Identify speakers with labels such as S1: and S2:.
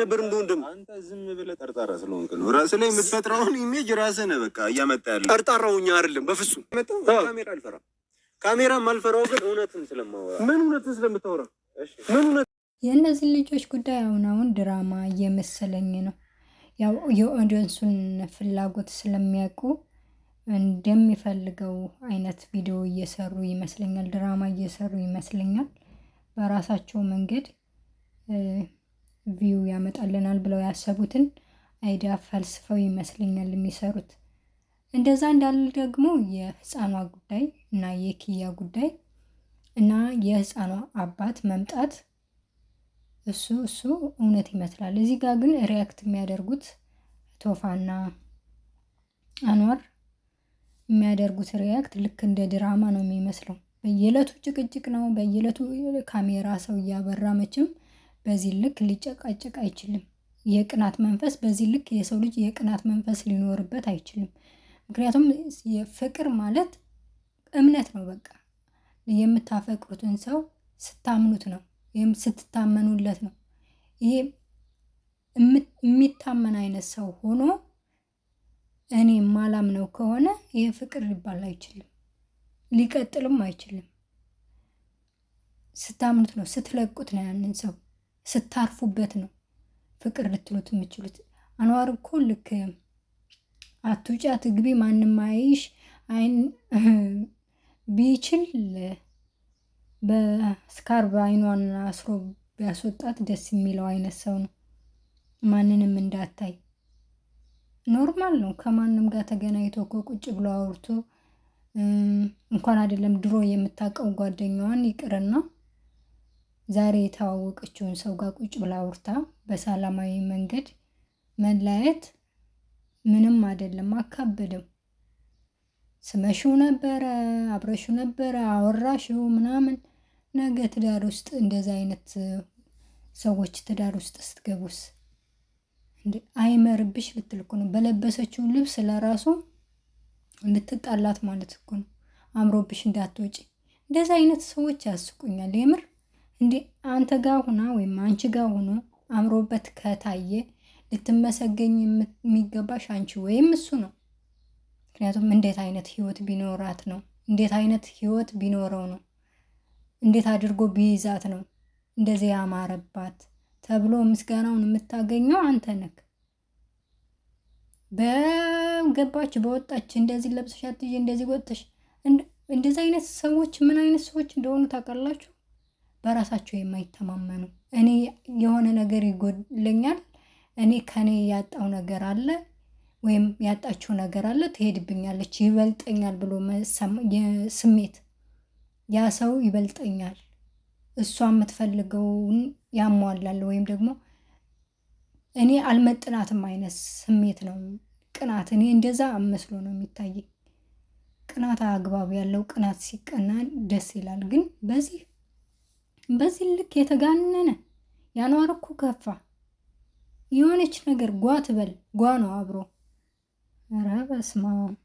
S1: ነበር እንደ ወንድም አንተ ዝም ብለህ ጠርጣራ ስለሆንክ ነው። ራስ ላይ የምትፈጥረውን ኢሜጅ ራስህ ነህ በቃ እያመጣ ያለ ጠርጣራውኛ አይደለም። በፍጹም ካሜራ አልፈራም። ካሜራ ማልፈራው ግን እውነትን ስለማወራ ምን እውነትን ስለምታወራ ምን
S2: እውነት የእነዚህ ልጆች ጉዳይ አሁን አሁን ድራማ እየመሰለኝ ነው። ያው የኦዲየንሱን ፍላጎት ስለሚያውቁ እንደሚፈልገው አይነት ቪዲዮ እየሰሩ ይመስለኛል። ድራማ እየሰሩ ይመስለኛል በራሳቸው መንገድ ቪው ያመጣልናል ብለው ያሰቡትን አይዲያ ፈልስፈው ይመስለኛል የሚሰሩት። እንደዛ እንዳለ ደግሞ የህፃኗ ጉዳይ እና የኪያ ጉዳይ እና የህፃኗ አባት መምጣት እሱ እሱ እውነት ይመስላል። እዚህ ጋር ግን ሪያክት የሚያደርጉት ቶፋና አኗር የሚያደርጉት ሪያክት ልክ እንደ ድራማ ነው የሚመስለው። በየዕለቱ ጭቅጭቅ ነው፣ በየዕለቱ ካሜራ ሰው እያበራ መችም በዚህ ልክ ሊጨቃጨቅ አይችልም። የቅናት መንፈስ በዚህ ልክ የሰው ልጅ የቅናት መንፈስ ሊኖርበት አይችልም። ምክንያቱም ፍቅር ማለት እምነት ነው። በቃ የምታፈቅሩትን ሰው ስታምኑት ነው ወይም ስትታመኑለት ነው። ይሄ የሚታመን አይነት ሰው ሆኖ እኔ ማላምነው ከሆነ ይሄ ፍቅር ሊባል አይችልም፣ ሊቀጥልም አይችልም። ስታምኑት ነው፣ ስትለቁት ነው ያንን ሰው ስታርፉበት ነው ፍቅር ልትሉት የምችሉት። አንዋር እኮ ልክ አቱጫ ትግቢ ማንም አይሽ አይን ቢችል በስካርብ አይኗን አስሮ ቢያስወጣት ደስ የሚለው አይነት ሰው ነው። ማንንም እንዳታይ ኖርማል ነው። ከማንም ጋር ተገናኝቶ እኮ ቁጭ ብሎ አውርቶ እንኳን አይደለም ድሮ የምታውቀው ጓደኛዋን ይቅርና ዛሬ የተዋወቀችውን ሰው ጋር ቁጭ ብላ አውርታ በሰላማዊ መንገድ መለያየት ምንም አይደለም፣ አካበደም። ስመሽው ነበረ፣ አብረሽው ነበረ፣ አወራሽው ምናምን። ነገ ትዳር ውስጥ እንደዚ አይነት ሰዎች ትዳር ውስጥ ስትገቡስ አይመርብሽ ልትል እኮ ነው። በለበሰችውን ልብስ ለራሱ ልትጣላት ማለት እኮ ነው። አምሮብሽ እንዳትወጪ። እንደዚ አይነት ሰዎች ያስቁኛል የምር እንዴ አንተ ጋር ሁና ወይም አንቺ ጋር ሆኖ አምሮበት ከታየ ልትመሰገኝ የሚገባሽ አንቺ ወይም እሱ ነው። ምክንያቱም እንዴት አይነት ህይወት ቢኖራት ነው? እንዴት አይነት ህይወት ቢኖረው ነው? እንዴት አድርጎ ቢይዛት ነው እንደዚህ ያማረባት ተብሎ ምስጋናውን የምታገኘው አንተ ነክ በገባች በወጣች እንደዚህ ለብሰሽ አትይ እንደዚህ ወጥተሽ እንደዚህ አይነት ሰዎች ምን አይነት ሰዎች እንደሆኑ ታውቃላችሁ? በራሳቸው የማይተማመኑ እኔ የሆነ ነገር ይጎለኛል። እኔ ከኔ ያጣው ነገር አለ ወይም ያጣችው ነገር አለ፣ ትሄድብኛለች፣ ይበልጠኛል ብሎ ስሜት ያ ሰው ይበልጠኛል፣ እሷ የምትፈልገውን ያሟላል ወይም ደግሞ እኔ አልመጥናትም አይነት ስሜት ነው ቅናት። እኔ እንደዛ መስሎ ነው የሚታየኝ። ቅናት አግባብ ያለው ቅናት ሲቀናን ደስ ይላል። ግን በዚህ በዚህ ልክ የተጋነነ ያኗር እኮ ከፋ የሆነች ነገር ጓ ትበል ጓ ነው አብሮ ኧረ